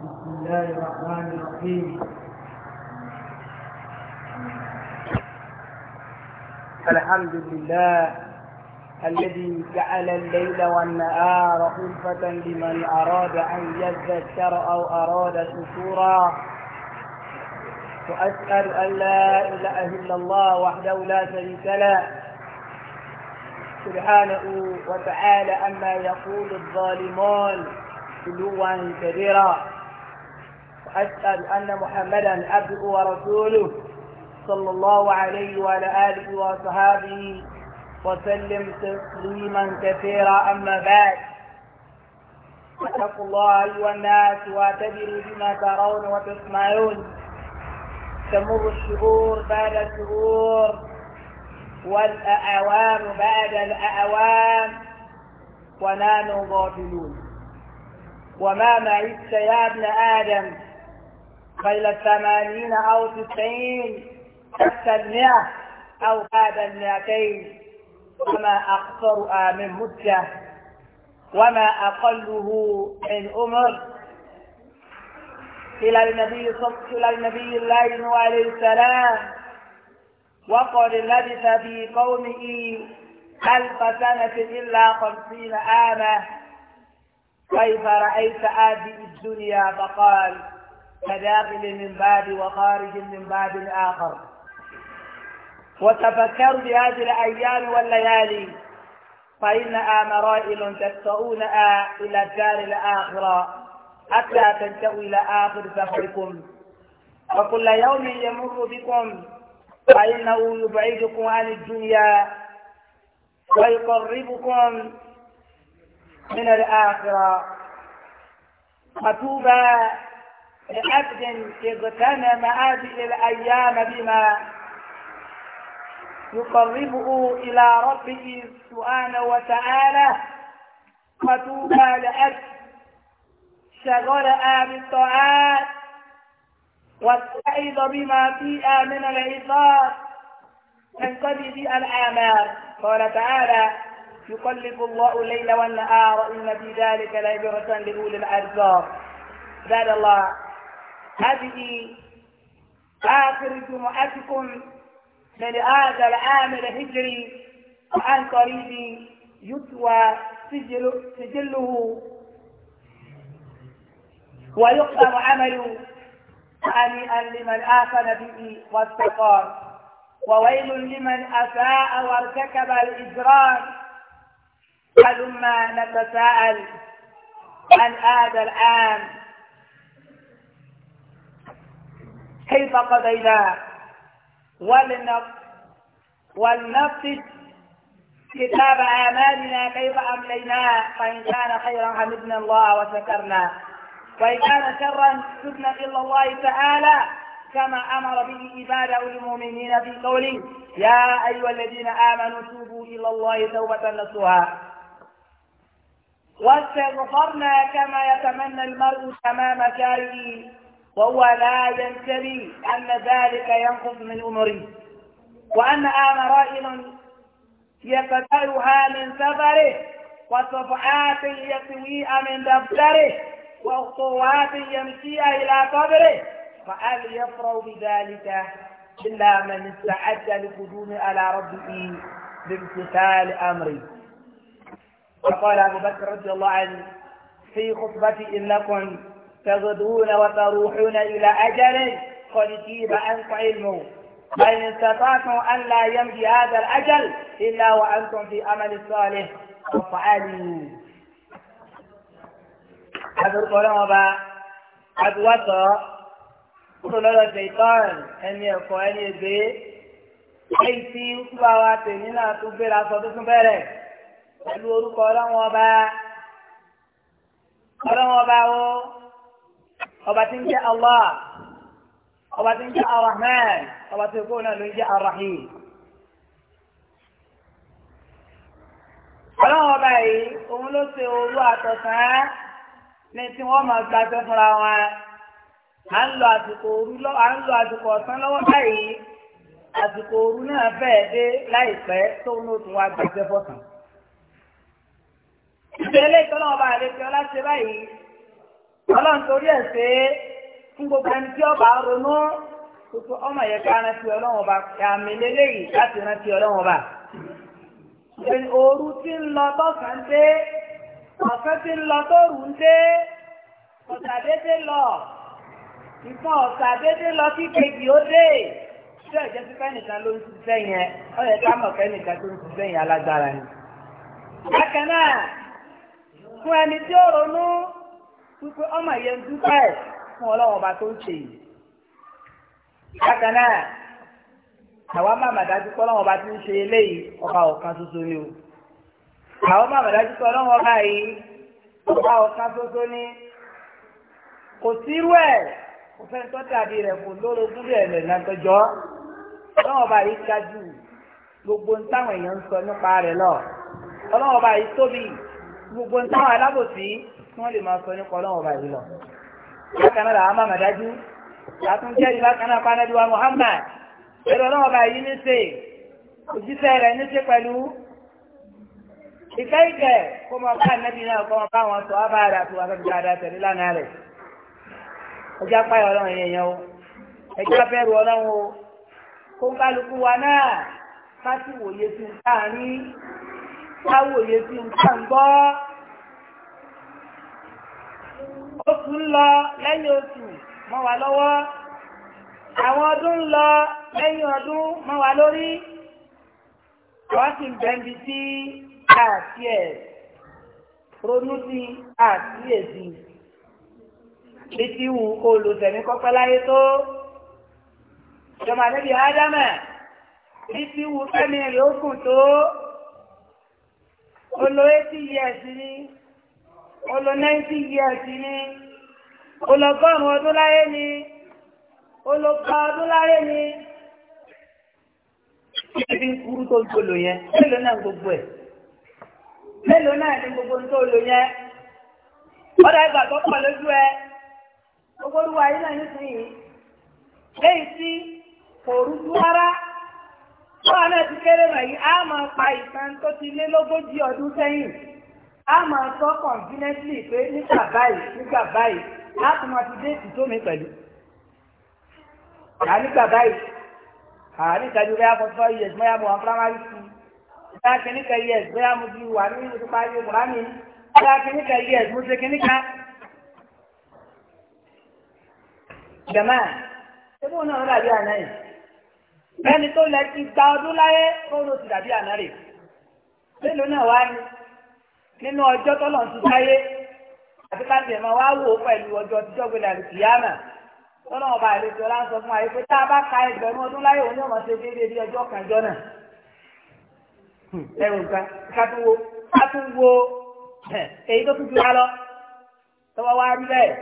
بسم الله الرحمن الرحيم الحمد لله الذي جعل الليل والنهار خلفة لمن أراد أن يذكر أو أراد شكورا وأسأل أن لا إله إلا الله وحده لا شريك له سبحانه وتعالى أما يقول الظالمون علوا كبيرا أشهد أن محمدا عبده ورسوله صلى الله عليه وعلى آله وصحابه وسلم تسليما كثيرا أما بعد اتقوا الله أيها الناس واعتبروا بما ترون وتسمعون تمر الشهور بعد الشهور والأعوام بعد الأعوام ونحن غافلون وما معي يا ابن آدم بين الثمانين أو تسعين حتى المئة أو بعد المئتين وما أقصر آه، من مدة وما أقله من أمر إلى النبي صلى إلى النبي الله عليه السلام وقل لبث في قومه ألف سنة إلا خمسين عاما كيف رأيت هذه الدنيا فقال كداخل من باب وخارج من باب آخر وتفكر بهذه الأيام والليالي فإنها آه مرائل تدفعونها آه إلى الدار الآخرة حتى تنتهوا إلى آخر سفركم وكل يوم يمر بكم فإنه يبعدكم عن الدنيا ويقربكم من الآخرة فتوبى لعبد اغتنم هذه الأيام بما يقربه إلى ربه سبحانه وتعالى وتوبى لعبد شغلها بالطاعات واستعيذ بما فيها من العظام تنقضي في الاعمال قال تعالى يقلب الله الليل والنهار إن في ذلك لعبرة لأولي الارزاق بعد الله هذه آخر جمعتكم من هذا العام الهجري وعن قريب يتوى سجل سجله ويقسم عمله هنيئا لمن آثن به واستقام وويل لمن أساء وارتكب الإجرام هلما نتساءل عن هذا العام كيف قضيناه ولنقصد كتاب أعمالنا كيف أمليناه فإن كان خيرا حمدنا الله وشكرنا وإن كان شرا سبنا إلى الله تعالى كما أمر به عباده المؤمنين في قوله يا أيها الذين آمنوا توبوا إلى الله توبة نصوها واستغفرنا كما يتمنى المرء تمام شاره وهو لا ينتبه أن ذلك ينقص من أمره وأن آن رائل يقتلها من سفره وصفحات يسويها من دفتره وخطوات يمشيها إلى قبره فهل يفرح بذلك إلا من استعد لقدوم على ربه بامتثال أمره وقال أبو بكر رضي الله عنه في خطبتي إنكم تغدون وتروحون إلى أجل قد جيب أنت علمه فإن استطعتم أن لا يمضي هذا الأجل إلا وأنتم في عمل صالح وفعلوا هذا القرآن با قد وصى قلت له الشيطان أن يقول يجي أيتي وصباواتي هنا تبير أصوات سنبيره قلت له القرآن با قرآن با ọba tí ń jẹ́ Allah ọba tí ń jẹ́ ọba tí kò náà ló ń Arahim. ọlọ́run ọba yìí òun ló ṣe òru àtọ̀sán ní tí wọ́n máa gbàṣẹ fúnra wọn à ń lo àsìkò òru ọ̀sán lọ́wọ́ báyìí àsìkò náà dé láìpẹ́ tóun ló tún wá ọlọ́run ẹ̀ ṣe é tí ọba ronú tuntun ọmọ yẹn ká rántí ọlọ́run ọba àmì lélẹ́yìí láti rántí ọlọ́run ọba. òru ti ń lọ tọ́sán dé ọ̀sán ti ń lọ tóru ń dé ọ̀sàdédé lọ ọ̀sàdédé lọ kí kejì ó dé tí ọ̀jẹ́ ti fẹ́nìkan ló ń ṣiṣẹ́ yẹn ó yẹ ká mọ̀ fẹ́nìkan tó ń ṣiṣẹ́ yẹn alágbára ni. bákan náà fún wípé ọmọ yẹn ń dúpẹ́ fún ọlọ́wọ́n ọba tó ń ṣe yìí. bákan náà àwa má mà dájú pé ọlọ́wọ́n ọba ti ń ṣe eléyìí ọba ọ̀kan tuntun ni o. àwọn má mà dájú pé ọlọ́wọ́n ọba yìí ọba ọ̀kan tuntun ni. kò sírú ẹ̀ kò fẹ́ tó dàbí rẹ̀ kò lórogún bí ẹ̀rẹ̀ náà tọjọ́. ọlọ́wọ́n ọba yìí ga jù gbogbo ń táwọn èèyàn ń sọ nípa rẹ̀ lọ. ọlọ́wọ́n ọba yìí tóbi gbogbo ń alábòsí kí wọ́n lè máa sọ nípa ọlọ́run ọba yìí lọ. bákan náà làwọn máa dájú látún jẹ́rìí bákan náà pa anábíwá Muhammad ẹ̀rọ ọlọ́run ọba yìí ní ṣe òjíṣẹ́ rẹ̀ ní ṣe pẹ̀lú ìfẹ́ ìjẹ́ kó máa bá anábì náà kó máa bá wọn sọ ábá rẹ̀ àti wàhálà bíi àdá tẹ̀lé lánàá rẹ̀. ẹjẹ́ apá ọlọ́run yẹn yẹn o ẹjẹ́ abẹ́rù ọlọ́run o kó ń kálukú wa náà ká sì wòye sí ń káàárín ká wòye sí ń ká oṣù ń lọ lẹ́yìn oṣù mọ́ wa lọ́wọ́ àwọn ọdún ń lọ lẹ́yìn ọdún mọ́ wa lórí wọ́n sì ń bẹ́ńbi sí àti ẹ̀ ronú sí àti èsì bí ti wù olùsẹ̀mí kọ́pẹ́ láyé tó ìjọba níbi ádámà bí ti wù fẹ́mi rẹ̀ ó tó olóyè tí yẹ sí ni. Ọlọ 90 years ni olọ́gọ́rùn ọdún láyé ni olọ́gọ́ ọdún láyé ni ibi kúrú tó gbòlò yẹn mélòó náà gbogbo ẹ mélòó náà ní gbogbo tó lò yẹn tó lójú ẹ gbogbo olúwa yìí náà nísìnyí léyìí kò rárá wọn náà ti kéré yìí máa pa ìtàn tó ti lé lógójì ọdún a máa sọ kọ̀ǹtínẹ́tìlì pé nígbà báyìí nígbà báyìí láti máa fi déètì tó mi pẹ̀lú. Àní nígbà báyìí àní ìtàjú bẹ́ẹ̀ fọ́ fọ́ yẹ̀ bóyá mo wà primary school bóyá kìnnìkan yẹ̀ bóyá mo ti wà ní ìdúpá yẹ̀ mùrámì bóyá kìnnìkan yẹ̀ mo ṣe kìnnìkan. Jàmá ṣébí òun náà dàbí àná yìí. Bẹ́ẹ̀ni tó lẹ ti gba ọdún láyé kó ló ti dàbí àná rè. Mélòó náà wá ní. nínú ọjọ́ tọ́lọ̀ ti dáyé àti wá wò ó pẹ̀lú ọjọ́ tíjọ́ kìyàmà àlejò ọlá ń sọ fún a bá ka ẹgbẹ̀rún ọdún láyé òun yóò máa ṣe déédéé bí ọjọ́ kànjọ́ náà ẹ̀rù nǹkan ká tún wo ká tún wo èyí tó tún ju wa lọ tọ́wọ́ wá rí bẹ́ẹ̀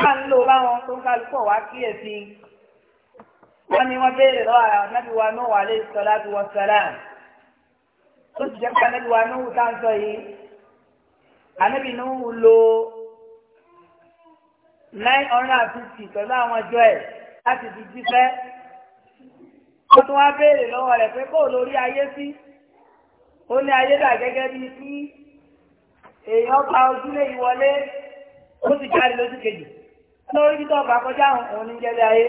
ká ń lò báwọn tó ń kálukọ̀ wá kíyèsí wọ́n wọ́n béèrè tó ti jẹ́ pé anábì wa Nuhu tá ń sọ yìí anábì Nuhu lo nine hundred and fifty pẹ̀lú àwọn ọjọ́ ẹ̀ láti fi jífẹ́ ó tún wá béèrè lọ́wọ́ rẹ̀ pé kóò lórí ayé sí ó ní ayé dà gẹ́gẹ́ bíi kí èèyàn pa ojúlé yìí wọlé ó sì jáde lójú kejì lórí títọ́ ọba kọjá òun ní jẹ́lé ayé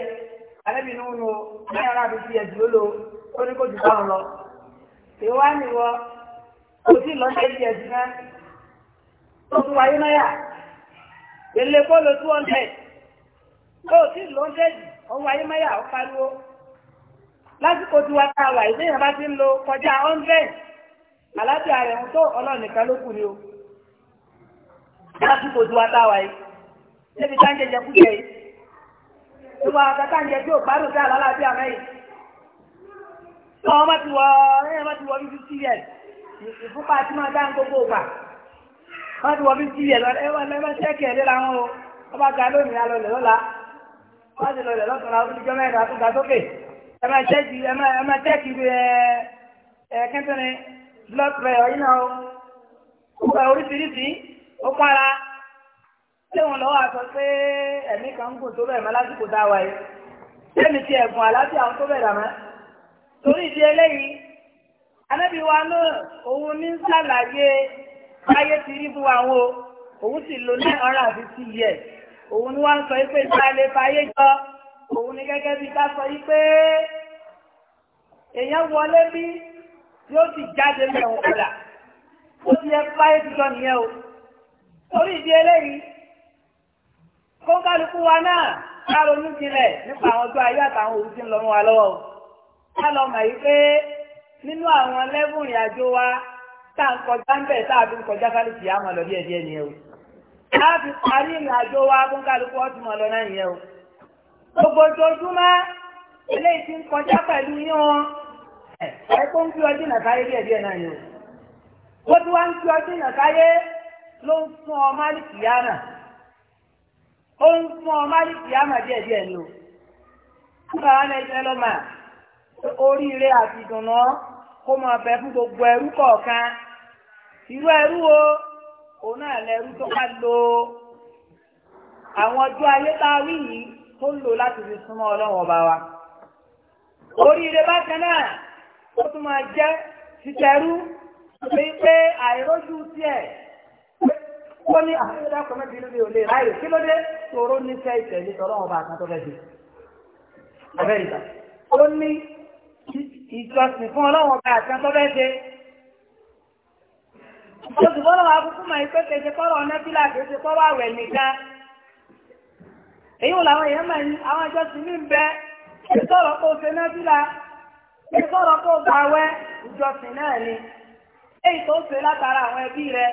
alẹ́bìnrin ń lo ní ara àbí ti ẹ̀dùn ló lo ó ní kó jù báwọn lọ. ìwá nìwọ kò sí lọ́jọ́ ìdí ẹ̀sìn náà tó tún wáyé náà yà èlé bọ́ọ̀lù two hundred tó sí lọ́jọ́ ìdí ọ̀hún wáyé náà yà ó pariwo lásìkò tí wàá ta bá ti ń lo kọjá hundred àlàáfíà rẹ̀ ń tó ọlọ́run nìkan ló kù ni o lásìkò tí ta kú yìí tí ta gbádùn sí ọmọ bá ti wọ ẹ̀yẹ́ bá ti wọ bí fifty years jọ mẹ́rin kẹ́ntẹ́ni lọ́wọ́ pé ẹ̀mí kan ń gùn tó bẹ̀rẹ̀ mọ́ lásìkò a ṣé mi ti tó bẹ̀rẹ̀ mọ́ torí ìdí eléyìí anábì wa náà òun ní sàlàyé ayé ti rí fún àwọn òun sì lò ní ọ̀rọ̀ àti ti yẹ òun ni wọ́n sọ pé ìsàlẹ̀ fàyè jọ òun ni gẹ́gẹ́ bí ká sọ pé èèyàn wọlé bí yóò sì jáde mẹ́wọ̀n padà ó ti yẹ fáyé títọ́ nìyẹn o torí ìdí eléyìí kó kálukú wa náà ká ronú jinlẹ̀ nípa àwọn ọjọ́ ayé àtàwọn òun ti ń lọ́mú wa lọ́wọ́ o. ká lọ mọ̀ yìí pé nínú àwọn lẹ́bùn àjò wa tá à kọjá ń bẹ̀ tá a fi ń kọjá kálukì á máa lọ díẹ̀ díẹ̀ nìyẹn o. a fi parí ìrìn àjò wa fún lọ náà nìyẹn o. gbogbo ojoojúmọ́ eléyìí ti ń kọjá pẹ̀lú yín wọn ẹ kó ń fi ọdún náà káyé díẹ̀ díẹ̀ náà ni o. ń fi oríire àti ìdùnnà kó máa bẹ fún gbogbo ẹrú kọ̀ọ̀kan irú ẹrú o òun náà lẹrú tó bá lo àwọn ọjọ́ ayé tá a wí yìí tó ń lò láti fi súnmọ́ ọlọ́run ọba wa oríire bákan náà ó tún máa jẹ́ títẹrú pé pé àìrójú tiẹ̀ wọ́n ní àfẹ́dá kọ́mẹ́tì lórí olè ráyè kí ló dé tòró níṣẹ́ ìtẹ̀lé tọ́lọ́wọ́ bá àtàtọ́ fẹ́ ṣe. ọ̀bẹ́ ìgbà ó ní ìjọsìn fún ọlọ́wọ́n bá àti ẹ̀tọ́ bẹ́ẹ̀ ṣe. Olùbọ́ lọ́wọ́ akúkú mọ̀ ipé kejì kọ́rọ̀ ọ̀nà bí láti ṣe kọ́rọ̀ àwẹ̀ nìkan. Èyí wò làwọn èèyàn mọ̀ ní àwọn ìjọsìn ní bẹ ìsọ̀rọ̀ kó ṣe náà bí la ìsọ̀rọ̀ kó gba àwẹ̀ ìjọsìn náà ni. Èyí tó ṣe látara àwọn ẹbí rẹ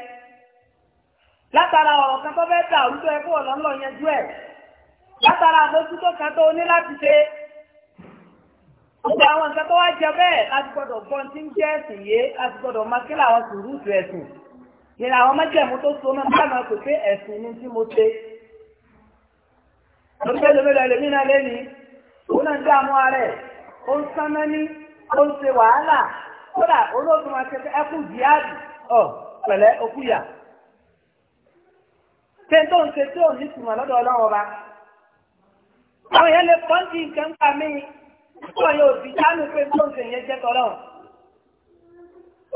látara ọ̀rọ̀ kan tó fẹ́ dà orúkọ ẹ̀kọ́ ọ̀lọ́ńlọ́ yẹn jú ẹ̀ látara àbójútó kan Gbogbo àwọn nǹkan tó wá jẹ bẹ́ẹ̀ láti gbọ́dọ̀ gbọ́n tí ń jẹ́ ẹ̀sìn yé láti gbọ́dọ̀ máa kí làwọn sùúrùtù ẹ̀sìn. Ìrìn àwọn mẹ́jẹ̀mú tó so náà bá máa pè pé ẹ̀sìn ni tí mo ṣe. Lọ́pẹ́ lómìnira ẹlòmí náà lẹ́ni, òun náà ń dá àmú ara ẹ̀, ó ń sán náà ní, ó ń ṣe wàhálà, kódà olóògùn máa ṣe ẹkú jíáàdì, ọ̀ pẹ̀lẹ́ okúyà. Ṣé tó ń ṣe tí ò ní ìtumọ̀ lọ́dọ̀ ọlọ́run ọba? Àwọn èèyàn lè pọ́ńtì nǹkan ń pa mí Nígbà yóò fi dánú pé tó ń ṣe yẹn jẹ́ tọ́lọ́run.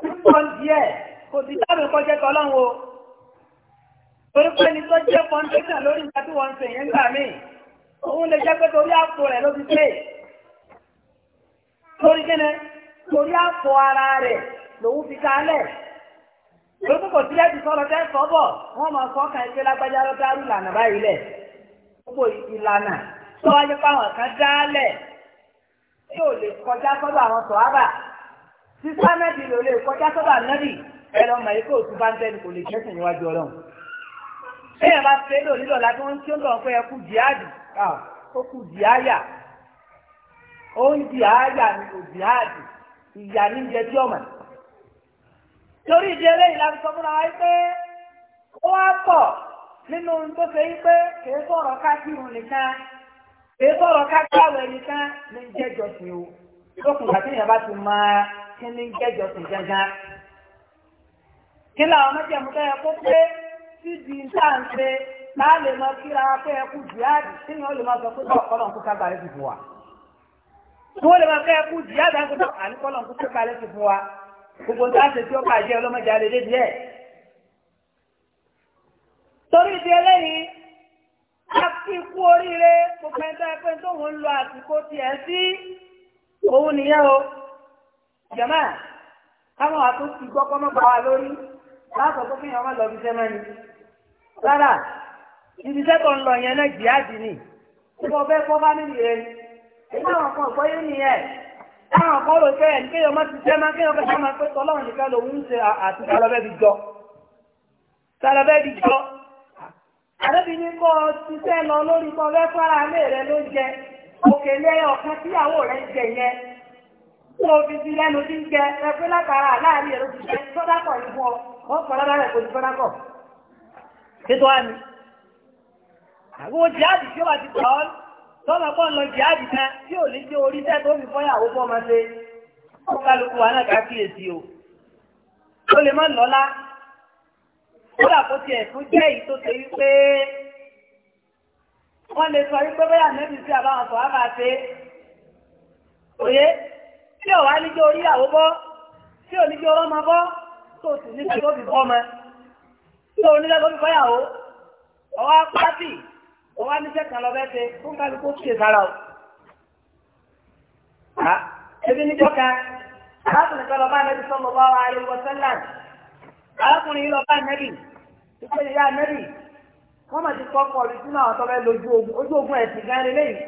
Nígbà díẹ̀ kò sì dánú kọ́ jẹ́ tọ́lọ́run o. Torí pé ẹni tó jẹ́ fọ́ndéṣàn lórí nǹkan tí wọ́n ń ṣe yẹn gbà míì. Òun lè jẹ́ pé torí àpò rẹ̀ ló fi pè. Torí kíni torí àpò ara rẹ̀ lòun fi kálẹ̀. Lókùn kò sílẹ̀ ti sọ̀rọ̀ tẹ́ sọ́ bọ̀, wọ́n máa sọ ọkàn ìgbé lágbájá ló dárú ìlànà báyìí lẹ̀. Gbogbo ìlànà tó wáyé pàwọn kan dálẹ̀ tí ò lè kọjá sọ́dọ̀ àwọn sọ̀hábà tí sámẹ́tì lò lè kọjá sọ́dọ̀ ànábì ẹ̀rọ mọ̀ òtún bá ń tẹ́lẹ̀ kò lè jẹ́sìn níwájú ọlọ́run. bẹ́ẹ̀ bá ṣe lò nílò láti tí ó lọ pé ẹkú ó kú ó ń kò ní tí ọmọ. torí ìdí eléyìí sọ fúnra wa pé ó wá pọ̀ nínú tó ṣe yí pé kì í sọ̀rọ̀ káàkiri nìkan ètò ọ̀rọ̀ kákàwé nìkan ní jẹ́jọsìn o lókun tàbí èèyàn bá ti máa kí ní jẹ́jọsìn gangan. kí làwọn mẹ́jẹ̀mú tó yẹ kó pé síbi ìtàǹṣe náà lè mọ kíra pé ẹkú jihad tí ni ó lè máa sọ pé bọ́ ọ̀kọ́ lọ́nkú kágbá rẹ̀ ti fún wa. tí wọ́n lè máa fẹ́ ẹkú jihad àgbẹ̀ bọ́ àníkọ́ lọ́nkú kágbá rẹ̀ ti fún wa. gbogbo tá a ṣe tí ó bàjẹ́ ọlọ́mọdé alẹ́ akíkú oríire gbogbo ẹ̀ńtọ́ ẹgbẹ́ tó ń lo àsìkò tiẹ̀ sí òun nìyẹn o jẹ̀mọ́ káwọn àtúntì gbọ́kọ́ mọ́ bá wa lórí láàbọ̀ tó fi hàn wọ́n lọ ibiṣẹ́ mẹ́ni rárá ibiṣẹ́ tó ń lọ yẹn náà jìádìí nì tí mo fẹ́ kọ́ bá nílùú rẹ ni táwọn kan gbọ́ yé nìyẹn táwọn kan rò pé ẹni kéèyàn má ti jẹ́ má kéèyàn fẹ́ sá máa pé tọ́lọ́run nìkan lòun ń ṣe àtìkálọ́bẹ́ àdébìnrin kọ́ ọ ti fẹ́ lọ lórí kọ́ fẹ́ fara lé rẹ ló jẹ òkèlè ọ̀kan tíyàwó rẹ jẹ yẹn tó o fi di lẹ́nu tí ń jẹ ẹgbẹ́ látara láàrin èrò ti jẹ sọ́dákọ̀ ìbú wọ́n fọ́ lára rẹ̀ kò ní sọ́dákọ̀ àwọn jihadi tí ti tọ́ tọ́lọ̀ pọ̀ lọ jihadi kan tí ò ní orí tó fi fọ́yàwó ọmọ ṣe o ó lè má lọ́lá kódà kó tiẹ̀ tún jẹ́ èyí tó ṣe wípé wọ́n lè sọ wípé bóyá nẹ́bí sí àbáwọn sọ̀rọ̀ máa ṣe òye tí ò wá oríyàwó bọ́ tí ò níjẹ́ ọlọ́mọ bọ́ tó sì nífẹ̀ẹ́ tó fi bọ́ ọmọ tí ò nífẹ̀ẹ́ tó bọ́yàwó ọwọ́ pátì ọwọ́ níṣẹ́ kan lọ bẹ́ẹ̀ ṣe fún kálukú kí èsára o. ebi níjọ́ kan arákùnrin kan lọ bá nẹ́bí sọ́mọ́ bá wa ariwo sẹ́lẹ̀ arákùnrin yìí lọ bá nẹ́bì tó ìyá nẹ́bì wọ́n mọ̀ ti kọ́kọ́ rí sínú àwọn ogun eti ogun ẹ̀sìn gan lélẹ́yìn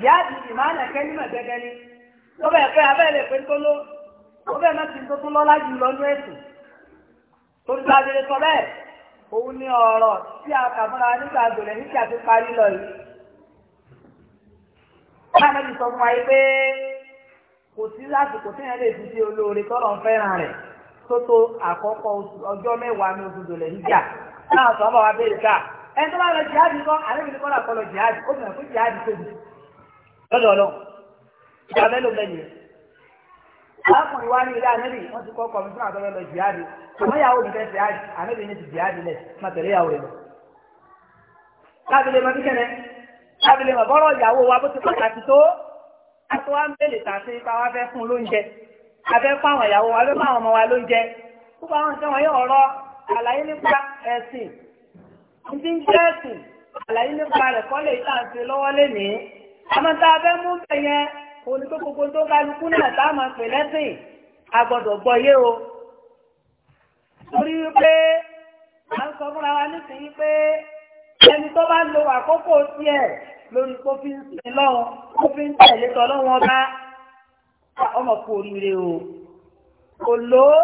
jíáàdì ìmáàlì ẹ̀kẹ́ nímọ̀ gẹ́gẹ́ ni tó bẹ̀ pé abẹ́rẹ́ pé tó ló tó bẹ̀ mẹ́tì tó tún lọ́lá jù lọ ẹ̀sìn tó ti gbàgbére sọ bẹ́ẹ̀ òun ni ọ̀rọ̀ tí a kà fúnra nígbà ní kí a ti parí lọ yìí. sọ fún pé kò sí yẹn tó tó àkọ́kọ́ ọjọ́ mẹ́wàá ní oṣù dòlẹ̀ níjà náà sọ wa béèrè ká ẹni tó bá lọ jihadi kọ́ àlejò ní kọ́lá kọ́ lọ jihadi ó mọ̀ pé jihadi tóbi lọ́dọ̀ ọlọ́ ìjà bẹ́ẹ̀ ló bẹ́ẹ̀ nìyẹn arákùnrin wa ní ilé anẹ́bì wọ́n ti kọ́ kọ̀mísọ́nà tó lọ jihadi àmọ́ ìyàwó mi fẹ́ jihadi anẹ́bì ní ti jihadi lẹ̀ má tẹ̀lé ìyàwó rẹ̀ lọ. lábìlẹ̀ mọ̀ kíkẹ́nẹ́ abẹ́ fáwọn ìyàwó wa abẹ́ fáwọn ọmọ wa ló jẹ púpọ̀ àwọn nǹkan wọ̀nyí ọ̀rọ̀ àlàyé nípa ẹ̀sìn ìdí ń jẹ́ ẹ̀sìn àlàyé nípa rẹ̀ kọ́ lè tà ń ṣe lọ́wọ́ lénìí àmọ́ tá a fẹ́ mú bẹ̀ yẹn òun ni pé gbogbo tó bá lukú náà tá a máa pè lẹ́sìn a gbọ́ yé o torí wípé à ń sọ fúnra wa nísìnyí pé ẹni tó bá lo àkókò tiẹ̀ lórí kó fi ń sin lọ́wọ́ kó fi ń tẹ̀lé tọ́lọ́wọ́n bá ọmọ kú oríire o kò lò ó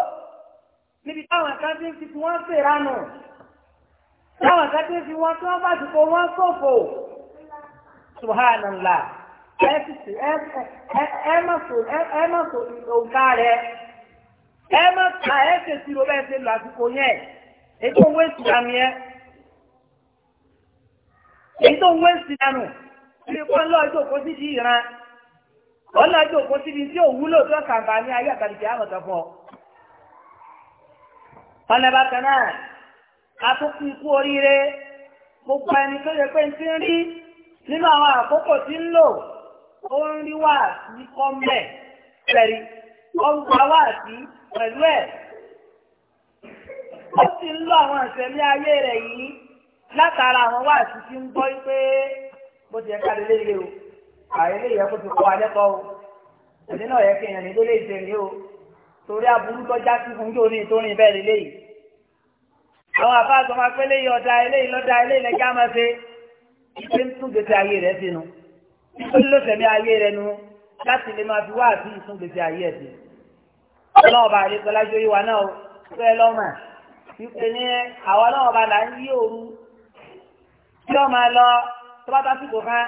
níbi táwọn kan ti ń fi wọ́n fèrànù táwọn kan ti ń fi wọ́n tí wọ́n bá ti kó wọ́n ṣòfò subhanallah ẹ má sọ ẹ má sọ òǹkà rẹ ẹ má ta ẹ fèsì ló bẹ́ẹ̀ ṣe lọ àsìkò yẹn èyí tó ń wé sí àmì ẹ èyí tó ń wé sí àmì ìrìnkọ́ ńlọ ìjòkó sí di ìran ọ̀nà àjò òkú síbi tí ò wúlò tó kàǹfà ní ayé àtàlìkì àmọ̀tọ̀ fún ọ. ọ̀nà bákan náà atukun ikú oríire gbogbo ẹni tó yẹ pé ń ti ń rí nínú àwọn àkókò tí ń lò ó ń rí wá sí kọ́mbẹ̀ pẹ̀lú ọgbà wá sí pẹ̀lú ẹ̀. ó sì ń lọ àwọn ìṣẹ̀lẹ̀ ayé rẹ̀ yìí látara àwọn wá sí ti ń gbọ́ pé bó ti yẹ ká lè lé o àìlè yẹ kó ti kọ́ alẹ́ kọ́ o ẹni náà yẹ kéèyàn ní lélẹ́ ìṣẹ̀lẹ̀ o torí aburú tó sí fún jóni tó rìn bẹ́ẹ̀ lélẹ́ yìí àwọn àfáàsọ máa pẹ́ léyìí ọ̀dà eléyìí lọ́dà eléyìí lẹ́jà máa ṣe ìpín tún gbèsè ayé rẹ̀ sínú nítorí ló tẹ̀mí ayé rẹ̀ nu láti lè máa fi wá àti ìsún gbèsè ayé ẹ̀ sí. ọlọ́ọ̀bà àdékọ́lá jó yíwa náà fẹ́ lọ́mà ìpè ní àwọn ọlọ́ọ̀bà là ń yí òru tí ó máa lọ tó bá bá sìkò kan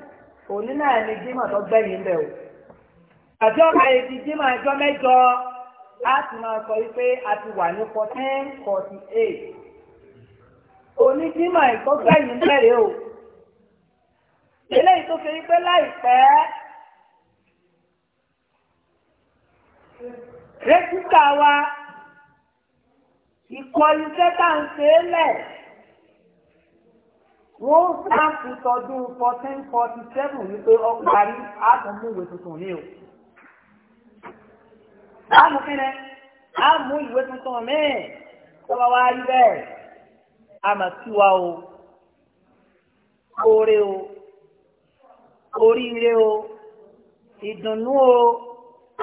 òní náà ni jimá tó gbẹ̀yìn bẹ̀ o àjọ àìsí jimá ẹjọ́ mẹ́jọ a ti máa sọ wípé a ti wà ní fourteen forty eight òní jimá ẹ̀kọ́ gbẹ̀yìn bẹ̀rẹ̀ o eléyìí tó fi wípé láìpẹ́ rẹ́kítà wa ìkọlù tẹ́tà ń ṣe é lẹ̀ wọ́n sáàpù tọdún fourteen forty seven wípé ọkùnrin àtúnmú ìwé tuntun ní o. láàmú kínní á mú ìwé tuntun míì tó bá wá rí bẹ́ẹ̀ á mà sí wa o oore o oríire o ìdùnnú o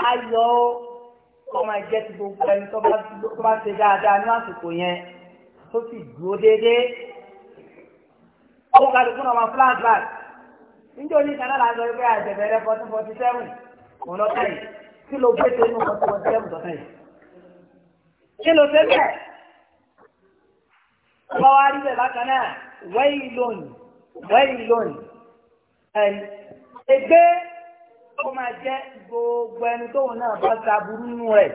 ayọ̀ o ọmọ ẹ̀jẹ̀ ti gbogbo ẹni tó bá ṣe dáadáa ní àsìkò yẹn tó sì dúró déédéé ọwọ́ kàdé fún ọmọ flat flat níjẹ́ oní kan náà láti sọ pé àjẹbẹ̀ rẹ fourteen forty seven kò lọ tẹ̀ kí ló gbé tó inú fourteen forty seven tọ̀ tẹ̀ kí ló fẹ́ bẹ́ẹ̀ ọba wa rí bẹ́ẹ̀ bákan náà wẹ́yì lónìí wẹ́yì lónìí ẹ̀ ẹgbẹ́ ó máa jẹ́ gbogbo ẹni tóun náà bá ta burú nù rẹ̀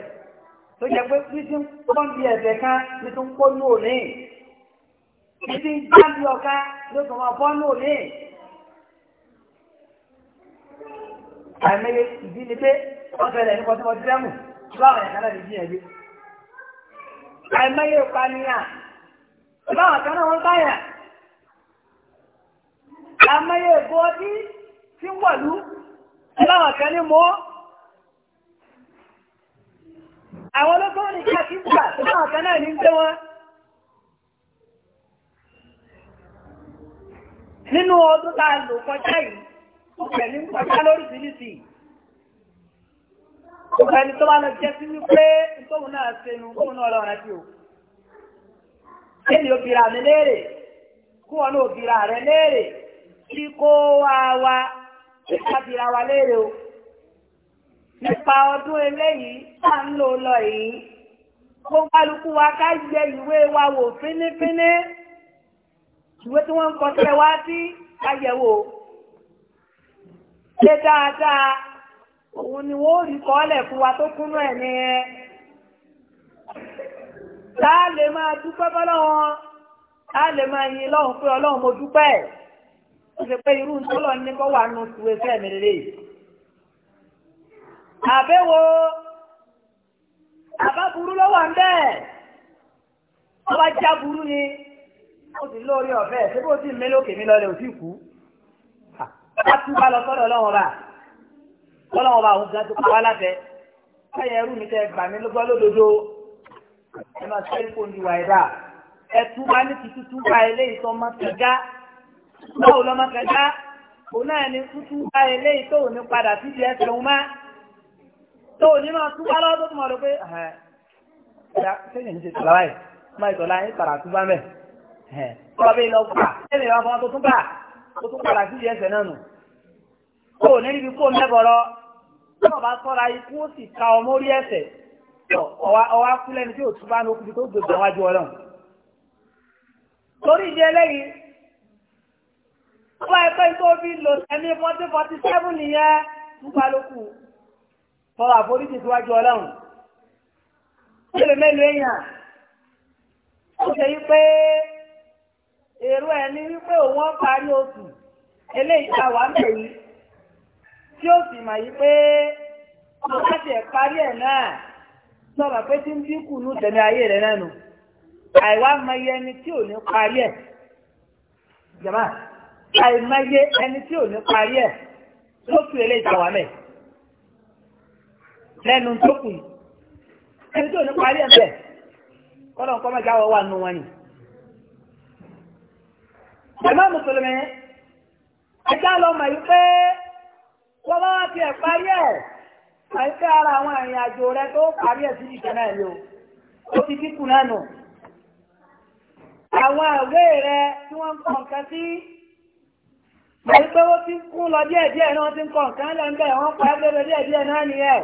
tó jẹ́ pé pípín pọ́ńbì ẹ̀fẹ̀ kan pípín pọ́ńbì òní ebi ń jáde ọ̀gá ló kàn máa bọ́ ní òní. àìmọye ìdí ni pé wọ́n fẹ́lẹ̀ ní kọ́tí wọ́n ti rẹ́mù láwọn ẹ̀ka náà lè jí ẹ̀gbẹ́. àìmọye ìpànìyàn láwọn ẹ̀ka náà wọ́n báyà. àìmọye ìbò ọdí tí ń wọ̀lú láwọn ẹ̀ka ní mọ́. àwọn olóṣèlú ní kí a ti gbà ẹ̀ka náà ní ń gbé wọn. nínú ọdún tá a lò kọjá yìí ó pẹ̀lú kọjá lórí ìdílítì ó pẹ̀lú tó bá lọ jẹ́ sí wípé tóun náà ṣe nu tóun náà lọ́rọ̀ tí o èmi ò bìrà mi léèrè kí wọn náà bìrà rẹ léèrè kí kó wá wa nípa bìrà wa léèrè o nípa ọdún eléyìí tá à ń lò lọ yìí kó kálukú wa ká yẹ ìwé wa wò fínífíní ìwé tí wọ́n ń kọ sílẹ̀ wá sí àyẹ̀wò ṣe dáadáa òun ni wọ́n rí kọ́ọ̀lẹ̀ fún wa tó kúnnú ẹ̀ ní ẹ táà lè máa dúpẹ́ bọ́lọ́wọ́n táà lè máa yin lọ́hùn pé ọlọ́hùn mo dúpẹ́ ẹ̀ ó ṣe pé irú ntọ́lọ̀ ní kọ́ wà nù tuwé fẹ́ mi rèé àbẹ́wò àbá burú ló wà ń bẹ́ẹ̀ ọba já burú ni ó ti lórí ọ̀fẹ́ ẹ̀ síbò tí mi lókè mi lọlẹ̀ òsì kú a tún bá lọ sọ́dọ̀ ọlọ́wọ́n bá ọlọ́wọ́n bá òun gan tó pa láfẹ́ káyọ̀ ẹrú mi tẹ gbà mí lọ́gbọ́ lódodo ẹ máa é, èkó ní ìwà ẹ̀dá ẹ tún bá ní tuntun tún bá eléyìí tó ọmọ kẹgá báwo lọ́mọ kẹgá òun náà ní tuntun bá eléyìí tó òun padà síbi ẹsẹ̀ òun má tó òun ní máa tún bá lọ́wọ́ tó tún máa lọ pé ẹ̀yà sẹ́yìn ní ti tọ́lá báyìí máa ìtọ́lá yín kàrà tún bá mẹ́ẹ̀ tọ́ba bẹ́ẹ̀ lọ gbà ẹ̀mí ìwà fún ọ tó tún bà tó tún padà sí ìyẹsẹ̀ náà nù. kó o ní níbi kó o mẹ́bọ̀rọ̀ tí wọ́n bá sọ́ra ikú ó sì ka ọmọ orí ẹ̀sẹ̀ ọwá kú lẹ́ni tí ò tún bá ní okùnfin tó gbèbọ̀ wájú ọlọ́run. torí ìdí eléyìí wọ́n ẹgbẹ́ tó fi lò ẹ̀mí forty forty seven nìyẹn ń balóku fọwọ́ àforíjì síwájú ọlọ́run. ó lè mélòó èèyàn ó ṣe yí pé. èrò ẹ̀ ni wípé òun parí oṣù eléyìí tá wà ń bẹ̀ tí ó sì mà yí pé ọmọ láti ẹ̀ parí ẹ̀ náà sọ̀rọ̀ pé tí ń dínkù ayé rẹ̀ náà nù ẹni tí ò ní parí ẹ̀ ẹni tí ò ní parí ẹ̀ fi eléyìí a wà mẹ́ lẹ́nu tó kù ẹni tí ò ní parí ẹ̀ bẹ́ẹ̀ mẹ́ta wọ́n wà nù ẹ̀mọ́ mùsùlùmí ẹjá lọ mọ̀ yí pé wọ́n bá wá ti ẹ̀ parí ẹ̀ àìpé ara àwọn ìrìn àjò rẹ tó parí ẹ̀ sí ìṣẹ́ náà yóò ó ti dínkù náà nù àwọn àwé rẹ tí wọ́n ń kọ̀ nǹkan sí mọ̀ yí pé ó ti kún lọ díẹ̀díẹ̀ náà ti ń kọ̀ nǹkan lẹ́ńbẹ̀ wọ́n pa ẹgbẹ́ díẹ̀díẹ̀ náà nìyẹn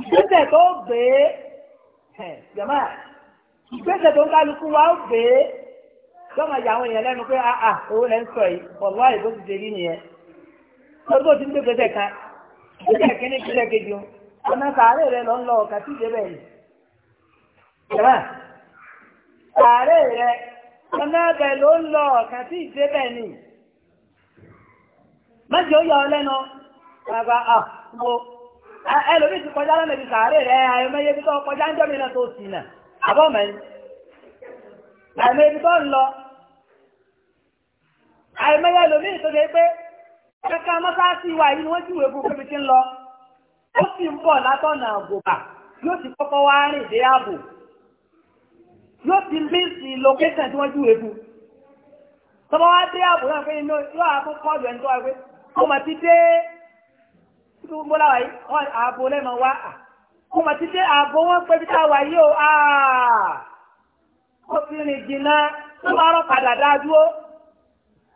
ìgbésẹ̀ tó gbé jẹ̀mọ́ ìgbésẹ̀ tó ń kálukú wa ó gbé lọ́mọ ìyàwó àwọn èèyàn lẹ́nu pé àà ah, ah, owó lẹ́ sọ yìí ọ̀lá ìbò ti ṣe rí nìyẹn lọ́dún tí ń gbèsè kan gbèsè kínní gbèsè kejì o ọ̀nà sàárè rẹ lọ ń lọ ọ̀kà tí ìdè bẹ́ẹ̀ ni. jẹ́mà sàárè rẹ ọ̀nà bẹ̀ ló ń lọ ọ̀kà tí ìdè bẹ́ẹ̀ ni. mẹ́jọ yọ ọ lẹ́nu bàbá à ah, mo ẹlòmíì ti kọjá lọ́nà ibi sàárè rẹ àyọ̀mẹ́yẹ bí tó kọjá ń jọ́ mi náà tó sì nà tó ń lọ àìmọye ẹlòmíì tó pé kankan mọ́sáàsì wa yìí wọ́n júwèé fún pé mi ti ń lọ ó sì ń bọ̀ látọ̀nà àgùbà yóò ti kọ́kọ́ wá rìn dé ààbò yóò ti mísì lókẹ́sàn tí wọ́n júwèé fún tọ́mọ wá dé ààbò náà pé inú yóò àbọ̀ kọ́ọ̀dù ẹni tó wá pé ó mà ti dé mo láwa yìí wọ́n ààbò lẹ́mọ̀ wá ó mà ti dé ààbò wọn pé bí táwa yìí ó ó ti rìn jìnnà tó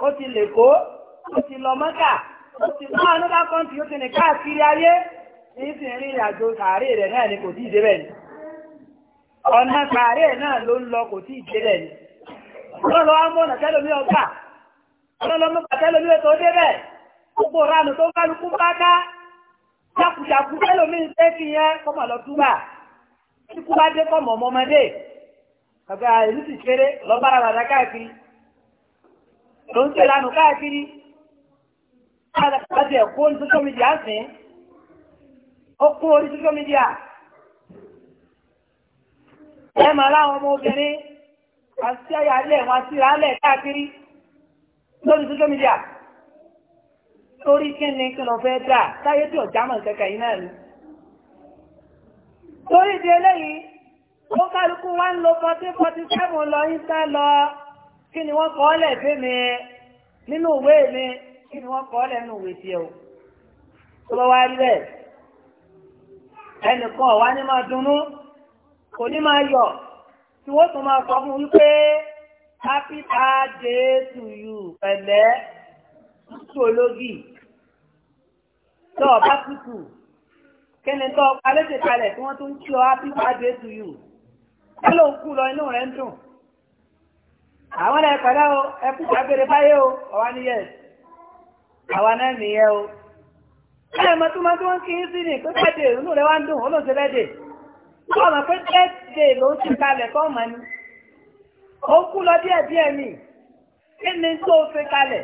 ó ti lè o ti lọ mọ́kà ó ti lọ another country ó ti ní káàkiri ayé ní ti rìn ìrìn àjò sàárè rẹ̀ náà ni kò tí ì débẹ̀ ni ọ̀nà sàárè náà ló ń lọ kò tí ì débẹ̀ ni ọlọ́lọ́ amọ́nà tẹ́lómi ọgbà ọlọ́lọ́ mọ́kà tẹ́lómi ètò débẹ̀ gbogbo ránù tó kálukú bá jákujàku tẹ́lómi ń tẹ́ fi yẹn kọ́mọ lọ túbà kíkú bá dé kọ́mọ ọmọdé kàgbà ìlú ti kéré káàkiri ló ń tẹ̀lé ànú káàkiri láti ẹ̀kọ́ orí social media sìn ó kún orí social media ẹ máa láwọn ọmọ obìnrin àti ayálẹ̀ wọn àti ìrálẹ̀ káàkiri lórí social media lórí kí ni kí lọ fẹ́ dà táyé tí ọ̀já mọ̀ kẹ̀kẹ́ yìí náà ni torí ìdí eléyìí ó kálukú wá ń lo fourteen forty seven lọ yín sá lọ kí ni wọ́n kọ́ lẹ̀ fẹ́ mi nínú ìwé mi kí ni wọ́n kọ́ lẹ̀ nínú ìwé tiẹ̀ o tó bá wá rí bẹ́ẹ̀ ẹnìkan ọ̀wá ní máa dunnú kò ní máa yọ̀ tí wọ́n tún máa sọ fún wípé happy birthday to you pẹ̀lẹ́ tútù ológì tó ọ̀bá tútù kí ni tó ọ̀pá lẹ́sẹ̀ kalẹ̀ tí wọ́n tún ń kí ọ happy birthday to you ẹ lóun kú lọ inú rẹ̀ ń dùn àwọn ẹ̀ pẹ̀lẹ́ o ẹ kú ṣàgbére báyé o ọ̀wá ní yẹn àwa náà nìyẹn o ẹ mọ tó máa tó ń kí í sí ní pé pẹ́ẹ́dé ìrúnú rẹ wá ń dùn ó lóun ṣe bẹ́ẹ̀dé ọmọ pé pẹ́ẹ́dé ló ń ṣe kalẹ̀ kọ́ ọmọ ni ó kú lọ díẹ̀ díẹ̀ ni kí ni tó ṣe kalẹ̀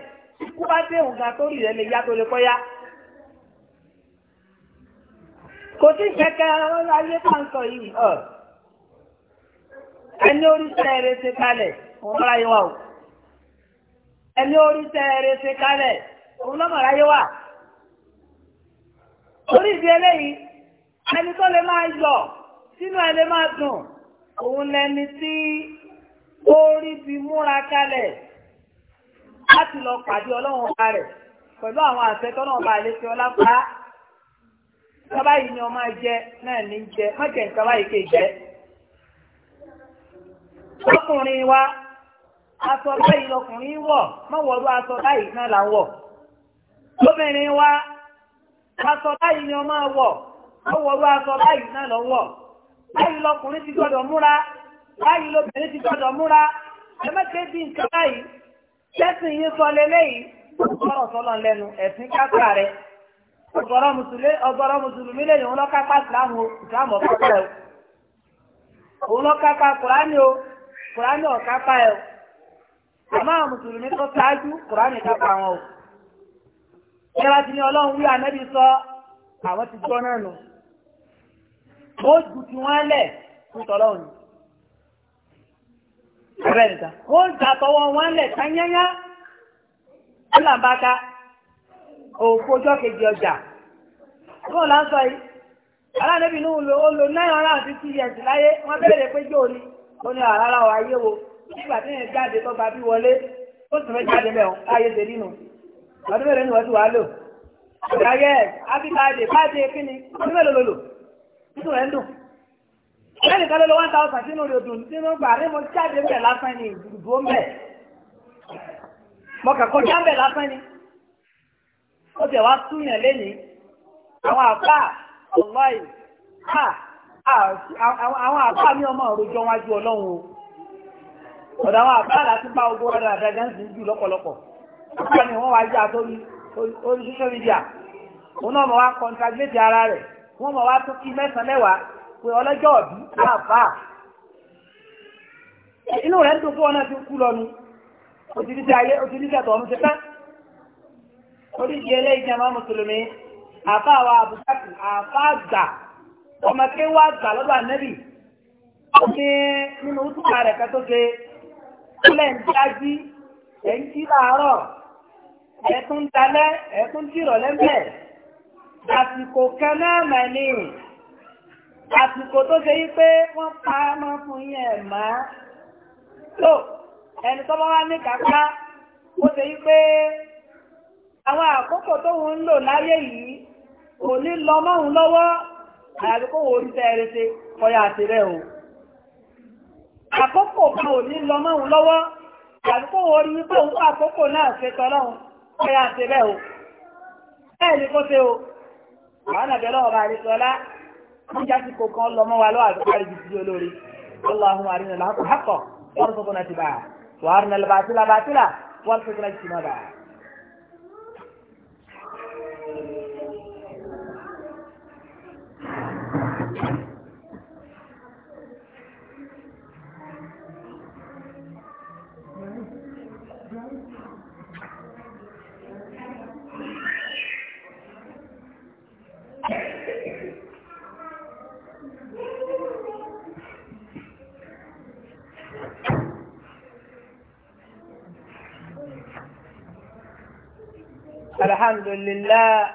kú bá dé òun ga tó rí rẹ lè yá tó lè kọ́ yá kò sí kẹ̀kẹ́ ayé pàǹkọ̀ yìí ẹni orí sẹ́ẹ̀rẹ̀ ṣe kalẹ̀. òun lọ́ra yé wa o ẹni orí tẹ́ẹ̀rẹ́ ṣe kalẹ òun lọ́mọ̀ra yé orí ìdí eléyìí ẹni tó lè máa yọ sínú ẹ máa dùn òun lẹni tí ó rí bí múra láti lọ pàdé ọlọ́run ọba pẹ̀lú àwọn ọba yìí ni jẹ náà ní jẹ jẹ aṣọ báyìí lọkùnrin wọ̀ mọ̀wọ́rú aṣọ báyìí náà là ń wọ̀ lóbìnrin wa aṣọ báyìí ni ọmọ wọ̀ aṣọ báyìí náà lọ báyìí lọkùnrin ti gbọdọ múra báyìí lóbìnrin ti gbọdọ múra ẹ̀mẹ́tẹ́ bí nǹkan báyìí yín sọ kápá mùsùlùmí ìsìlámù ìsìlámù kùránì àmọ́ àwọn mùsùlùmí tó ṣáájú kùránì kápá wọn o ṣé wá ti ní ọlọ́run wí ànábì sọ àwọn ti gbọ́ náà nù ó ju ti wọ́n lẹ̀ fún tọ́lọ́run ni ọ̀rẹ́ nìta ó ń gbà tọwọ́ wọn lẹ̀ tányányá ó là ń bá ká òfò ọjọ́ kejì ọjà bóun là ń sọ yìí aláàdébìnrin ó lo nine hundred and láyé wọ́n bẹ̀rẹ̀ pé jóòrí ó ní àrárá ọ̀ ayé wo nígbà tí yẹn jáde tó bá bí wọlé tó sì fẹ́ jáde mẹ́wọ̀n láyé ṣe nínú ọdún mẹ́rin ni wọ́n ti wá lò ìdáyẹ áfíkáàdé káàdé kíni ọdún mẹ́rin lòlò nínú ẹ̀ ń dùn lẹ́yìn kan ló lọ one thousand sínú rẹ̀ dùn sínú gbà rí mo jáde mẹ́ lásán ni ìdúró mẹ́ mo kàn kọjá mẹ́ lásán ni ó tẹ̀ wá súnyàn lẹ́nìí àwọn àbá ọlọ́yìn àwọn àbá mi ọmọ òròjọ́ wájú ọlọ́run o ọ̀dọ̀ àwọn àbáàlà tí bá ogun ọ̀dọ̀ àdájá ń sì jù lọ́pọ̀lọpọ̀ ọ̀pọ̀ ni wọ́n wá já torí orí social media òun náà mọ̀ wá kọ́ńtàgbéjì ara rẹ̀ wọ́n mọ̀ wá tó kí mẹ́sàn-án mẹ́wàá pé ọlọ́jọ́ ọ̀bí àbá inú rẹ̀ ń dùn fún ọ náà ti kú lọ́nu òtítí ayé òtítí ọ̀run ti tán oríṣi eléyìí jẹ́ máa mùsùlùmí àfa wa àbùkátù àfa àgbà ọmọ kéwàá àgbà lọ́dọ̀ ànẹ́bì ó ní nínú túkà rẹ̀ kẹ́tọ́ ṣe kúlẹ̀ ń dájí ẹ̀ ń jí láàárọ̀ ẹ̀ tún ń dalẹ́ ẹ̀ tún jírọ̀ lẹ́mẹ̀ àsìkò kan náà mà ní àsìkò tó ṣe yí pé wọ́n pa á mọ́ fún yín ẹ̀ má tó ẹni tó bá wá ní kàkà ó ṣe yí pé àwọn àkókò tó ń lò láyé yìí kò ní lọ mọ́hun lọ́wọ́ àyàbí wo orí tẹ́ ẹrẹ́ṣe kọ́yà àti rẹ̀ o àkókò bá ò ní lọ mọ́hun lọ́wọ́ àdúgbò orí wípé òun fún àkókò náà ṣe tọ́lọ́hun ọ̀yà àti bẹ́ẹ̀ o bẹ́ẹ̀ ni kó ṣe o àwọn àbẹ̀lọ́ ọba àrísọ́lá wọ́n já sí kò kan lọ mọ́ wa lọ́wọ́ àdúgbò àríjì sí olórí اللهم أرنا الحق حقا وارزقنا اتباعه وأرنا الباطل باطلا وارزقنا اجتنابه الحمد لله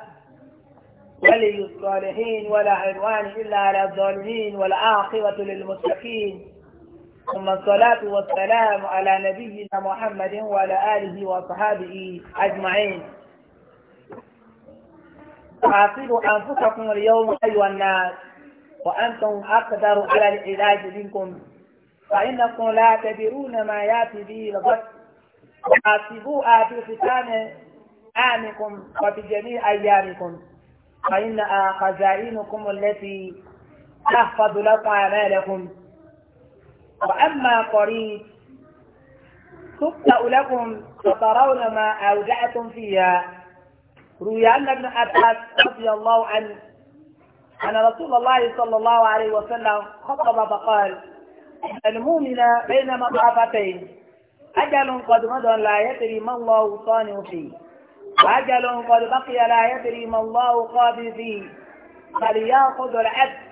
ولي الصالحين ولا عدوان إلا على الظالمين والعاقبة للمتقين ثم الصلاة والسلام على نبينا محمد وعلى آله وصحابه أجمعين عاقبوا أنفسكم اليوم أيها الناس وأنتم أقدر على العلاج منكم فإنكم لا تدرون ما يأتي به الغد وحاسبوا في آه، ختامه عامكم وفي جميع أيامكم فإنها خزائنكم التي تحفظ لكم أعمالكم وأما قريب تبدأ لكم وترون ما أوجعتم فيها روي أن ابن عباس رضي الله عنه أن رسول الله صلى الله عليه وسلم خطب فقال المؤمن بين مضافتين أجل قد مضى لا يدري ما الله صانع فيه عجل قد بقي لا يدري ما الله فيه فليأخذ العبد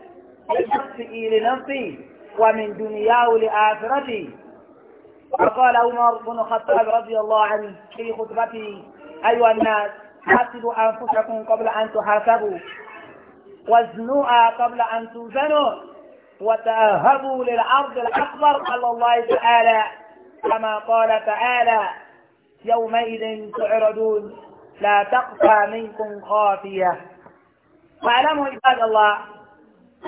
لنفسه لنفسه ومن دنياه لآخرته وقال عمر بن الخطاب رضي الله عنه في خطبته أيها الناس حاسبوا أنفسكم قبل أن تحاسبوا وزنوا قبل أن توزنوا وتأهبوا للعرض الأكبر على الله تعالى كما قال تعالى يومئذ تعرضون لا تخفى منكم خافية فاعلموا عباد الله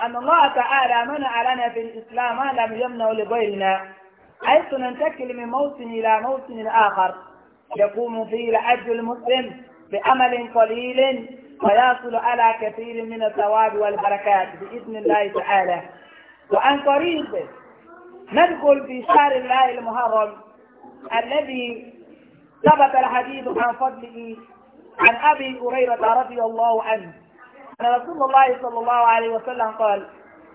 أن الله تعالى منع لنا في الإسلام ما لم يمنع لغيرنا حيث ننتقل من موسم إلى موسم آخر يقوم فيه العبد المسلم بأمل قليل ويصل على كثير من الثواب والبركات بإذن الله تعالى وعن طريق ندخل في شهر الله المحرم الذي ثبت الحديث عن فضله عن أبي هريرة رضي الله عنه أن رسول الله صلى الله عليه وسلم قال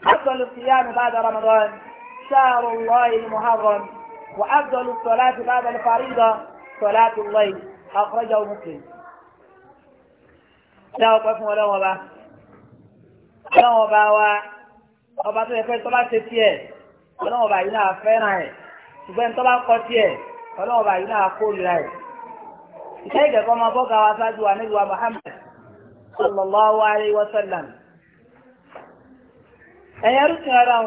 أفضل الصيام بعد رمضان شهر الله المحرم وأفضل الصلاة بعد الفريضة صلاة الليل أخرجه مسلم dá ọpẹ́ fún ọlọ́wọ́n ọba ọlọ́wọ́n ọba wa ọba tó yẹ pé tọ́lá ṣe tiẹ̀ ọlọ́wọ́n ọba yìí náà fẹ́ràn ẹ̀ ṣùgbọ́n tọ́lá kọ́ tiẹ̀ ọlọ́wọ́n ọba yìí náà kórìíra ẹ̀ sai ga kuma bugawa ta zuwa na zuwa Muhammad sallallahu alaihi wa sallam ẹ̀yẹ rúkìn ara o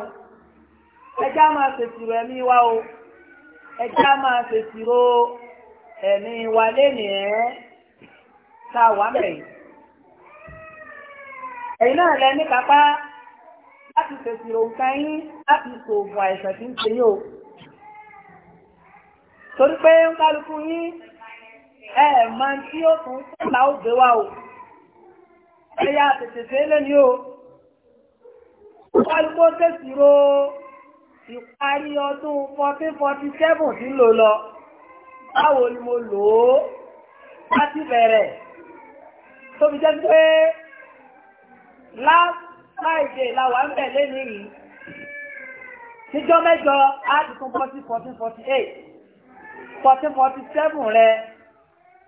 ẹjá máa ṣèṣirò ẹ̀mí o ẹjá máa ṣèṣirò ẹ̀mí wa lẹ́nìí ẹ̀ tá náà lẹ ní láti ṣèṣirò nǹkan yín láti ṣòògùn àìsàn tí ń ṣe torí pé ń kálukú ẹ máa tí ó tún sọ́là ó gbé wá o ẹ̀yà tètè fẹ́lẹ́ ni o wọ́n kó tẹ̀sí ro ìparí ọdún 1447 tí lò lọ báwo ni mo lò ó láti bẹ̀rẹ̀ tó fi jẹ́ pé last Friday la wà ń bẹ̀ lẹ́nu yìí níjọ́ mẹ́jọ á ti tún forty seven, rẹ̀.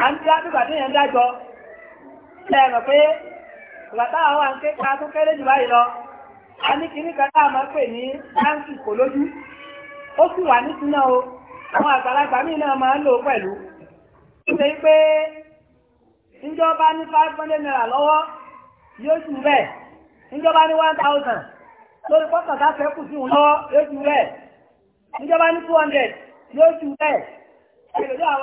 a ń dá bíbà tí yẹn dájọ́ ṣe pé bàtà àwọn àǹkẹ́ lọ a ní kíní kan tá pè ní báńkì kò lójú ó sì wà nísìnyá o àwọn àgbàlagbà míì náà máa ń lò pẹ̀lú ṣe pé ìjọba ní five hundred naira lọ́wọ́ yóò bẹ́ẹ̀ ìjọba ní one thousand lórí pọ́sàn tá kù sí òun yóò bẹ́ẹ̀ ìjọba ní two hundred yóò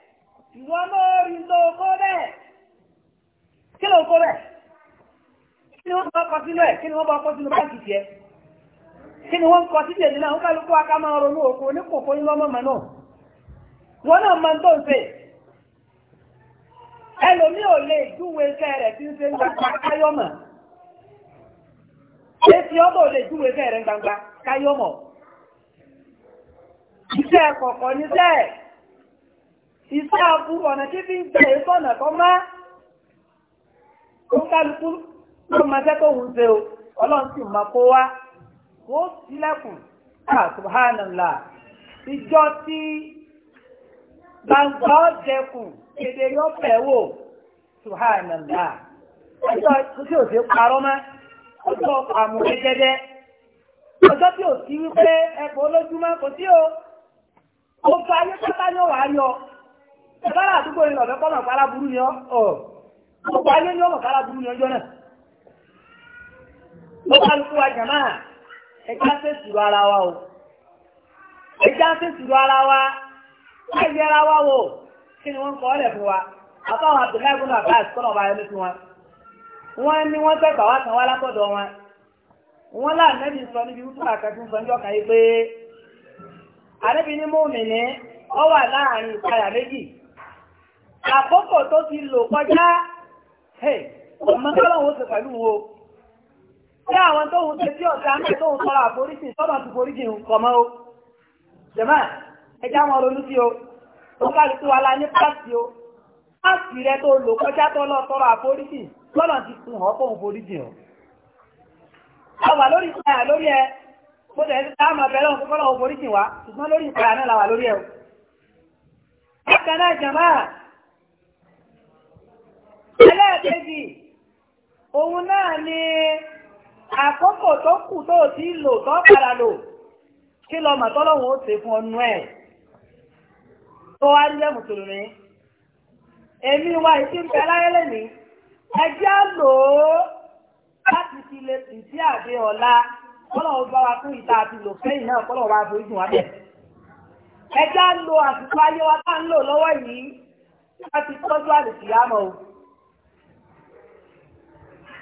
ìwọ náà rí ló kó bẹ́ẹ̀ kí ló kó bẹ́ẹ̀ kí ni wọ́n bá kọ sínú ẹ̀ kí ni wọ́n bá kọ sínú báńkì tiẹ̀ kí ni wọ́n kọ síbi èdè náà wọ́n kálukú aká máa ronú òkú oníkòkó iṣẹ́ abu ọ̀nà fi gbẹ èso ọ̀nà kan kálukú ló máa jẹ́ tóun ṣe o ọlọ́run sì máa kó wá ó sílẹ̀kùn káà subhanallah ìjọ tí kéde yóò fẹ́ wò subhanallah ọjọ́ tí parọ́ mọ́ ọjọ́ àmúlé jẹ́jẹ́ ọjọ́ tí wípé ẹ̀kọ́ olójúmọ́ kò sí o ó fa ayé pátá yóò wá ẹ̀bára àdúgbò yìí lọ̀fẹ́ kọ́mọ̀ pàlá burú ni ọ́ gbogbo ayé ní ọmọ pàlá burú ni náà ló bá ẹjá ara wa o ẹjá ṣe sùúrù ara wa o kí ni wọ́n kọ́ ọ́ fún wa àbáwọn Abdullahi bin kọ́nà ọba ẹni fún wa wọ́n ní wọ́n wá kan wá lápọ̀dọ̀ wọ́n sọ níbi àkàtún kan pé ọ àkókò tó ti lò kọjá ọmọ tọ́lọ́wọ́ ṣe pẹ̀lú wo tí àwọn tó ń ṣe tí ọ̀sẹ̀ àmì tó ń sọ́rọ̀ àforíjì sọ́mọ̀ tó foríjì o jẹ̀mọ́ ẹjá wọn ronú sí o ó kárí tí wà lá ní pàṣí o pàṣí rẹ tó lò kọjá tó lọ sọ́rọ̀ ti fún ọ o a wà lórí ìpayà lórí ẹ mo wa ṣùgbọ́n lórí ìpayà náà la wà lórí ẹ o ẹlẹ́ẹ̀kejì òun náà ni àkókò tó kù tó ti lò tó padà lò kí lọ mà tọ́lọ́hún ó ṣe fún ọnu ẹ̀ tó wá ń jẹ́ mùsùlùmí èmi wa ìsí ń bẹ láyé lẹ́nìí ẹjẹ́ lò ó láti fi lè sùn sí àdé ọ̀la kọ́lọ́hún bá wa fún ìta àti lò fẹ́yìn náà kọ́lọ́hún bá wa forí jù wá bẹ̀. ẹjẹ́ àsìkò ayé wa tá ń lò lọ́wọ́ yìí láti tọ́jú àdìsí mọ́ o.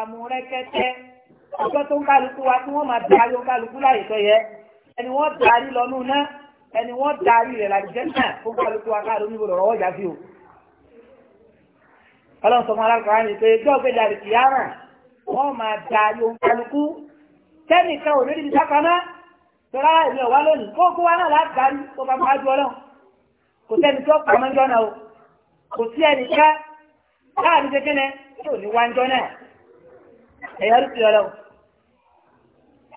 àmúrẹ́kẹ́tẹ́ ọjọ́ tó ń kálukú wa tí wọ́n máa darí ó kálukú láyè tó yẹ ẹni wọ́n darí lọ́nù náà ẹni wọ́n darí rẹ̀ làjẹ́ náà ó kálukú wa káàdó níbo lọ́rọ̀ ọjà sí o. ọlọ́run sọ fún alákọ̀ọ́ àmì pé ẹjọ́ ògbéjà rẹ̀ kì í yára wọ́n máa darí ó kálukú tẹ́nìkan ò ní níbi sákaná tọ́lá ìlú ọ̀wá lónìí kó kó wa náà láti darí kó bá máa ju ọlọ́run kò sẹ́ni tó pàmò ẹ̀yọ́ rí tìrọ̀ lọ́wọ́.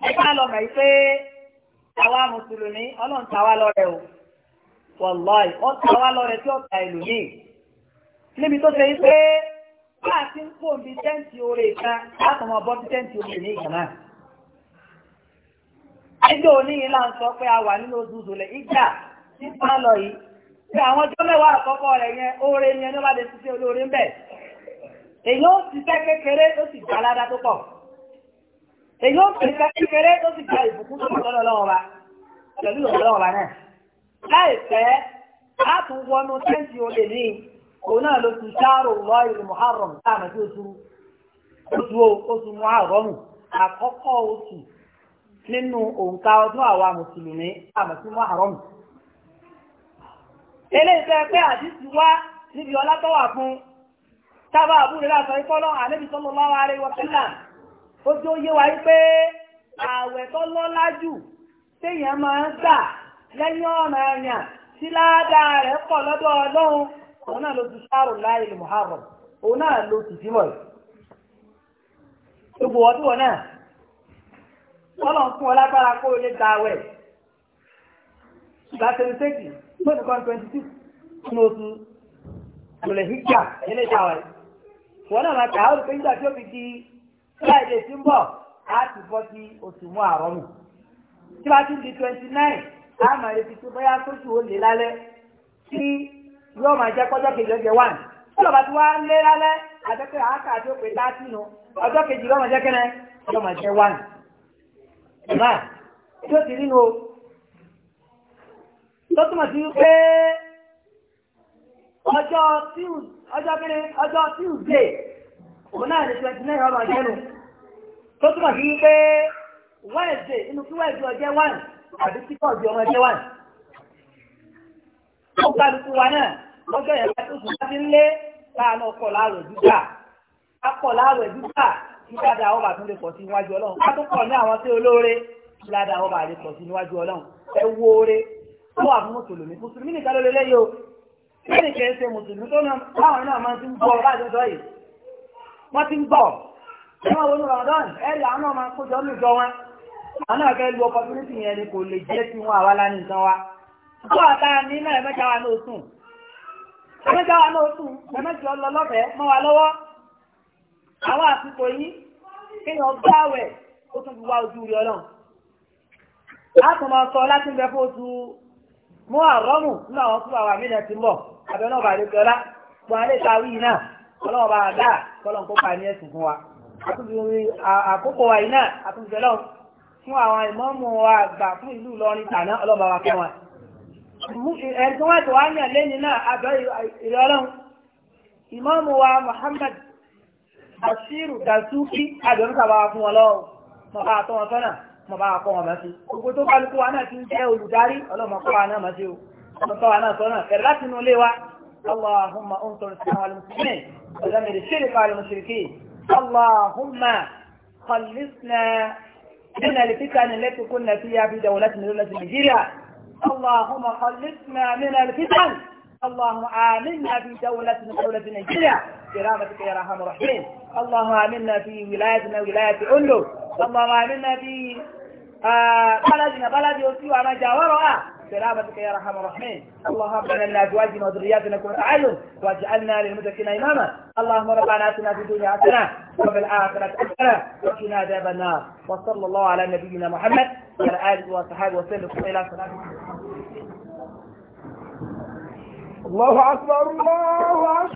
ẹ ká lọ mọ̀ pé àwa mùsùlùmí ọlọ́run ta o wọ̀lọ́ì ó ta wá lọ́rẹ̀ tí ó ta ìlú níbi tó ṣe pé ti ń bí tẹ́ǹtì láti mọ bọ́ sí tẹ́ǹtì ìgbà náà. ẹjọ́ a wà nínú lẹ̀ ìgbà tí lọ yìí àwọn ọjọ́ mẹ́wàá àkọ́kọ́ rẹ̀ yẹn ni ẹni bá lè ṣiṣẹ́ olóore èyí ó ti fẹ́ kékeré ó sì gba aládá tó pọ̀ èyí ó ti fẹ́ kékeré ó sì gba ìbùkún tó pọ̀ lọ́dọ̀ lọ́wọ́ wa pẹ̀lú ìrọ̀lẹ́ lọ́wọ́ wa náà láìpẹ́ a tún wọnú tẹ́ǹtì olè ní òun náà ló ti sáárò lọ ìlú muharram táàmù tí oṣù oṣù oṣù muharram àkọ́kọ́ oṣù nínú òǹkà ọdún àwa mùsùlùmí táàmù tí muharram eléyìí fẹ́ pé àdìsí wá níbi ọlá fún tábà àbúrò láàtọ̀ ìkọ́lọ́ ànábì sallallahu alaihi wa sallam ó tó yé wa pé ààwẹ̀ tó lọ́lá jù téèyàn máa ń gbà lẹ́yìn ọ̀nà ẹ̀yàn tí ládàá rẹ̀ pọ̀ lọ́dọ̀ ọlọ́run òun náà ló ti sáàrò láì lè Muharram òun náà ló ti símọ̀ yìí. wọn náà máa kà á olùkọ́ nígbà tí ó fi di friday tí ń bọ̀ á ti bọ́ sí oṣù mọ́ àrọ́mù tí wàá ti di twenty nine á máa retí tó bóyá sóṣù ó lálẹ́ tí yóò máa jẹ́ 1. kejì ọjọ́ one ti wá lé lálẹ́ àtẹ́kẹ́ àáká tó pé láti nù ọjọ́ kejì lọ́mọ jẹ́ kẹ́nẹ́ jẹ́ one. ìmọ̀ tí ó ti o tó ọjọ́ kíni ọjọ́ Tuesday òun ọmọ tó túmọ̀ Wednesday inú kí Wednesday ọjọ́ one àbí kíkọ́ ọjọ́ ọmọ ẹjẹ́ one. ó kálukú wa náà lọ́jọ́ ya tó sùn láti ń lé ọkọ̀ ìdúgbà akọ̀ ìdúgbà lè pọ̀ sí níwájú ọlọ́run ká tó ní àwọn tí olóore lè pọ̀ sí níwájú lẹ́yìn kẹ́ ṣe mùsùlùmí tó náà láwọn náà máa ti ń gbọ́ láti sọ yìí wọ́n ti ń gbọ́ wọ́n wọnú Ramadan ẹ̀rì àwọn náà máa kójọ lùjọ wọn àwọn náà kẹ́ lu opportunity yẹn ni kò lè jẹ́ sí wọn àwa lánìí nǹkan wa tó àtà ní náà ẹ̀mẹ́ta wa náà sùn ẹ̀mẹ́ta wa náà sùn ẹ̀mẹ́ta ọlọ lọ́fẹ̀ẹ́ mọ́ wa lọ́wọ́ àwọn àsìkò yìí kéèyàn gbáwẹ̀ ó tún fi wá ojú rí ọlọ́run látùmọ̀ sọ láti ń bẹ fún oṣù mọ́ àrọ́mù nínú àwọn fúlàwà mílẹ̀ ti àbẹ̀ náà bàdé jọlá gbọ́n alẹ́ ta wí náà ọlọ́wọ́ bá dá kọ́lọ́n kó pa ní ẹ̀sìn fún wa àkókò wa yìí náà àtúnṣe lọ́wọ́ fún àwọn ìmọ̀ọ́mù wa àgbà fún ìlú Ìlọrin tàná ọlọ́ba wa fún wa ẹ̀rí tí wọ́n ti wá yàn lẹ́yìn náà àbẹ̀ ìrọ̀lọ́run ìmọ̀ọ́mù wa Muhammad Bashiru Dasuki àbẹ̀rún sábà wa fún wọn lọ́wọ́ mọ̀ bá àtọ́ wọn sọ́nà mọ̀ bá àkọ́ wọn mọ̀ sí gbogbo tó kálukú wa náà ti ń jẹ́ olùdarí ọlọ́mọkọ́ wa náà mọ̀ sí o. ọ̀tọ́ ناس sọ náà kẹrẹ láti inú اللهم انصر الاسلام المسلمين وزمر الشرك على المشركين اللهم خلصنا من الفتن التي كنا فيها في دولتنا دولة نيجيريا اللهم خلصنا من الفتن اللهم آمنا في دولتنا دولة نيجيريا برحمتك يا ارحم الرحيم اللهم آمنا في ولايتنا ولاية أولو اللهم آمنا في آه، بلدنا بلد يوسف وما جاورها برحمتك يا رحم الرحمن اللهم ربنا لنا ازواجنا وذرياتنا قرة تعلم واجعلنا للمتقين اماما اللهم ربنا اتنا في الدنيا حسنه وفي الاخره حسنه وقنا عذاب النار وصلى الله على نبينا محمد وعلى اله وصحبه وسلم الى صلاه الله اكبر الله اكبر